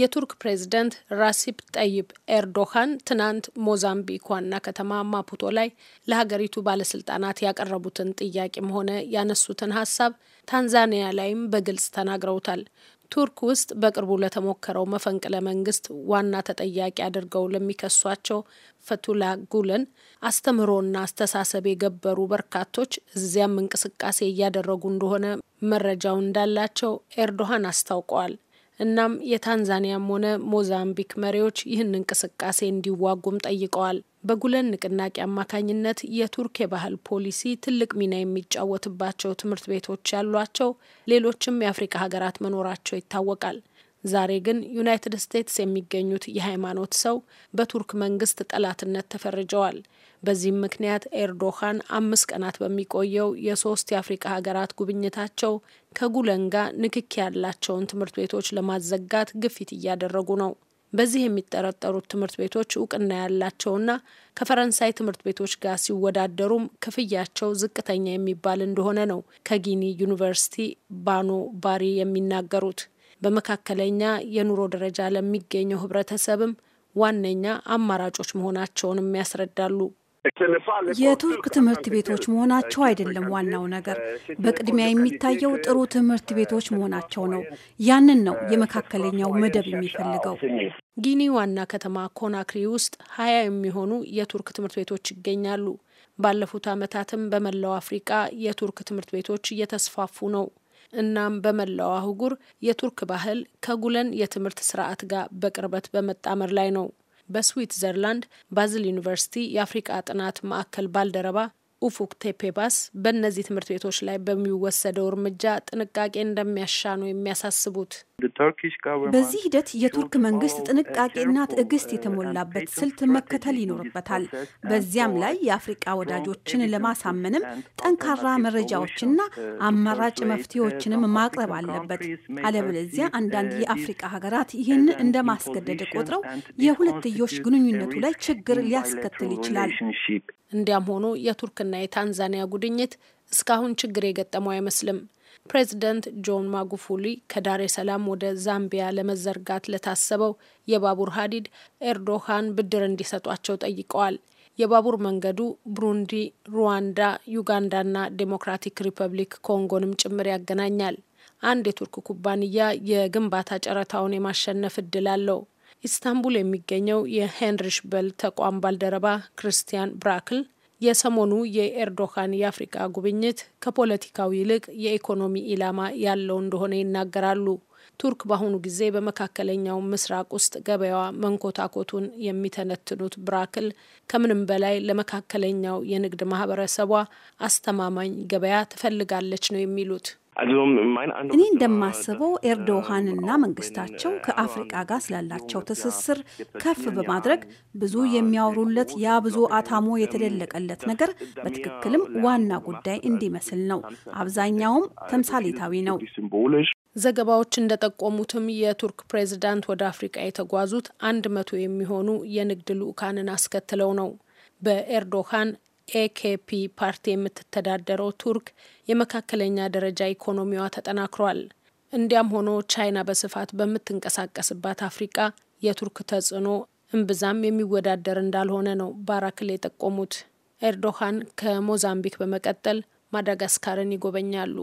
የቱርክ ፕሬዝደንት ራሲፕ ጠይብ ኤርዶሃን ትናንት ሞዛምቢክ ዋና ከተማ ማፑቶ ላይ ለሀገሪቱ ባለስልጣናት ያቀረቡትን ጥያቄም ሆነ ያነሱትን ሀሳብ ታንዛኒያ ላይም በግልጽ ተናግረውታል። ቱርክ ውስጥ በቅርቡ ለተሞከረው መፈንቅለ መንግስት ዋና ተጠያቂ አድርገው ለሚከሷቸው ፈቱላ ጉልን አስተምህሮና አስተሳሰብ የገበሩ በርካቶች እዚያም እንቅስቃሴ እያደረጉ እንደሆነ መረጃው እንዳላቸው ኤርዶሃን አስታውቀዋል። እናም የታንዛኒያም ሆነ ሞዛምቢክ መሪዎች ይህን እንቅስቃሴ እንዲዋጉም ጠይቀዋል። በጉለን ንቅናቄ አማካኝነት የቱርክ የባህል ፖሊሲ ትልቅ ሚና የሚጫወትባቸው ትምህርት ቤቶች ያሏቸው ሌሎችም የአፍሪካ ሀገራት መኖራቸው ይታወቃል። ዛሬ ግን ዩናይትድ ስቴትስ የሚገኙት የሃይማኖት ሰው በቱርክ መንግስት ጠላትነት ተፈርጀዋል። በዚህም ምክንያት ኤርዶሃን አምስት ቀናት በሚቆየው የሶስት የአፍሪቃ ሀገራት ጉብኝታቸው ከጉለን ጋር ንክኪ ያላቸውን ትምህርት ቤቶች ለማዘጋት ግፊት እያደረጉ ነው። በዚህ የሚጠረጠሩት ትምህርት ቤቶች እውቅና ያላቸውና ከፈረንሳይ ትምህርት ቤቶች ጋር ሲወዳደሩም ክፍያቸው ዝቅተኛ የሚባል እንደሆነ ነው ከጊኒ ዩኒቨርሲቲ ባኖ ባሪ የሚናገሩት። በመካከለኛ የኑሮ ደረጃ ለሚገኘው ህብረተሰብም ዋነኛ አማራጮች መሆናቸውንም ያስረዳሉ። የቱርክ ትምህርት ቤቶች መሆናቸው አይደለም ዋናው ነገር፣ በቅድሚያ የሚታየው ጥሩ ትምህርት ቤቶች መሆናቸው ነው። ያንን ነው የመካከለኛው መደብ የሚፈልገው። ጊኒ ዋና ከተማ ኮናክሪ ውስጥ ሀያ የሚሆኑ የቱርክ ትምህርት ቤቶች ይገኛሉ። ባለፉት ዓመታትም በመላው አፍሪቃ የቱርክ ትምህርት ቤቶች እየተስፋፉ ነው። እናም በመላው አህጉር የቱርክ ባህል ከጉለን የትምህርት ስርዓት ጋር በቅርበት በመጣመር ላይ ነው። በስዊትዘርላንድ ባዝል ዩኒቨርሲቲ የአፍሪቃ ጥናት ማዕከል ባልደረባ ኡፉክ ቴፔባስ በእነዚህ ትምህርት ቤቶች ላይ በሚወሰደው እርምጃ ጥንቃቄ እንደሚያሻ ነው የሚያሳስቡት። በዚህ ሂደት የቱርክ መንግስት ጥንቃቄና ትዕግስት የተሞላበት ስልት መከተል ይኖርበታል። በዚያም ላይ የአፍሪቃ ወዳጆችን ለማሳመንም ጠንካራ መረጃዎችና አማራጭ መፍትሄዎችንም ማቅረብ አለበት። አለበለዚያ አንዳንድ የአፍሪቃ ሀገራት ይህን እንደ ማስገደድ ቆጥረው የሁለትዮሽ ግንኙነቱ ላይ ችግር ሊያስከትል ይችላል። እንዲያም ሆኖ የቱርክ የኬንያና የታንዛኒያ ጉድኝት እስካሁን ችግር የገጠመው አይመስልም። ፕሬዚደንት ጆን ማጉፉሊ ከዳሬ ሰላም ወደ ዛምቢያ ለመዘርጋት ለታሰበው የባቡር ሀዲድ ኤርዶሃን ብድር እንዲሰጧቸው ጠይቀዋል። የባቡር መንገዱ ብሩንዲ፣ ሩዋንዳ፣ ዩጋንዳና ዴሞክራቲክ ሪፐብሊክ ኮንጎንም ጭምር ያገናኛል። አንድ የቱርክ ኩባንያ የግንባታ ጨረታውን የማሸነፍ እድል አለው። ኢስታንቡል የሚገኘው የሄንሪሽ በል ተቋም ባልደረባ ክርስቲያን ብራክል የሰሞኑ የኤርዶሃን የአፍሪቃ ጉብኝት ከፖለቲካው ይልቅ የኢኮኖሚ ኢላማ ያለው እንደሆነ ይናገራሉ። ቱርክ በአሁኑ ጊዜ በመካከለኛው ምስራቅ ውስጥ ገበያዋ መንኮታኮቱን የሚተነትኑት ብራክል ከምንም በላይ ለመካከለኛው የንግድ ማህበረሰቧ አስተማማኝ ገበያ ትፈልጋለች ነው የሚሉት። እኔ እንደማስበው ኤርዶሃንና መንግስታቸው ከአፍሪቃ ጋር ስላላቸው ትስስር ከፍ በማድረግ ብዙ የሚያወሩለት ያ ብዙ አታሞ የተደለቀለት ነገር በትክክልም ዋና ጉዳይ እንዲመስል ነው። አብዛኛውም ተምሳሌታዊ ነው። ዘገባዎች እንደጠቆሙትም የቱርክ ፕሬዝዳንት ወደ አፍሪቃ የተጓዙት አንድ መቶ የሚሆኑ የንግድ ልዑካንን አስከትለው ነው። በኤርዶሃን ኤኬፒ ፓርቲ የምትተዳደረው ቱርክ የመካከለኛ ደረጃ ኢኮኖሚዋ ተጠናክሯል። እንዲያም ሆኖ ቻይና በስፋት በምትንቀሳቀስባት አፍሪቃ የቱርክ ተጽዕኖ እምብዛም የሚወዳደር እንዳልሆነ ነው ባራክል የጠቆሙት። ኤርዶሃን ከሞዛምቢክ በመቀጠል ማዳጋስካርን ይጎበኛሉ።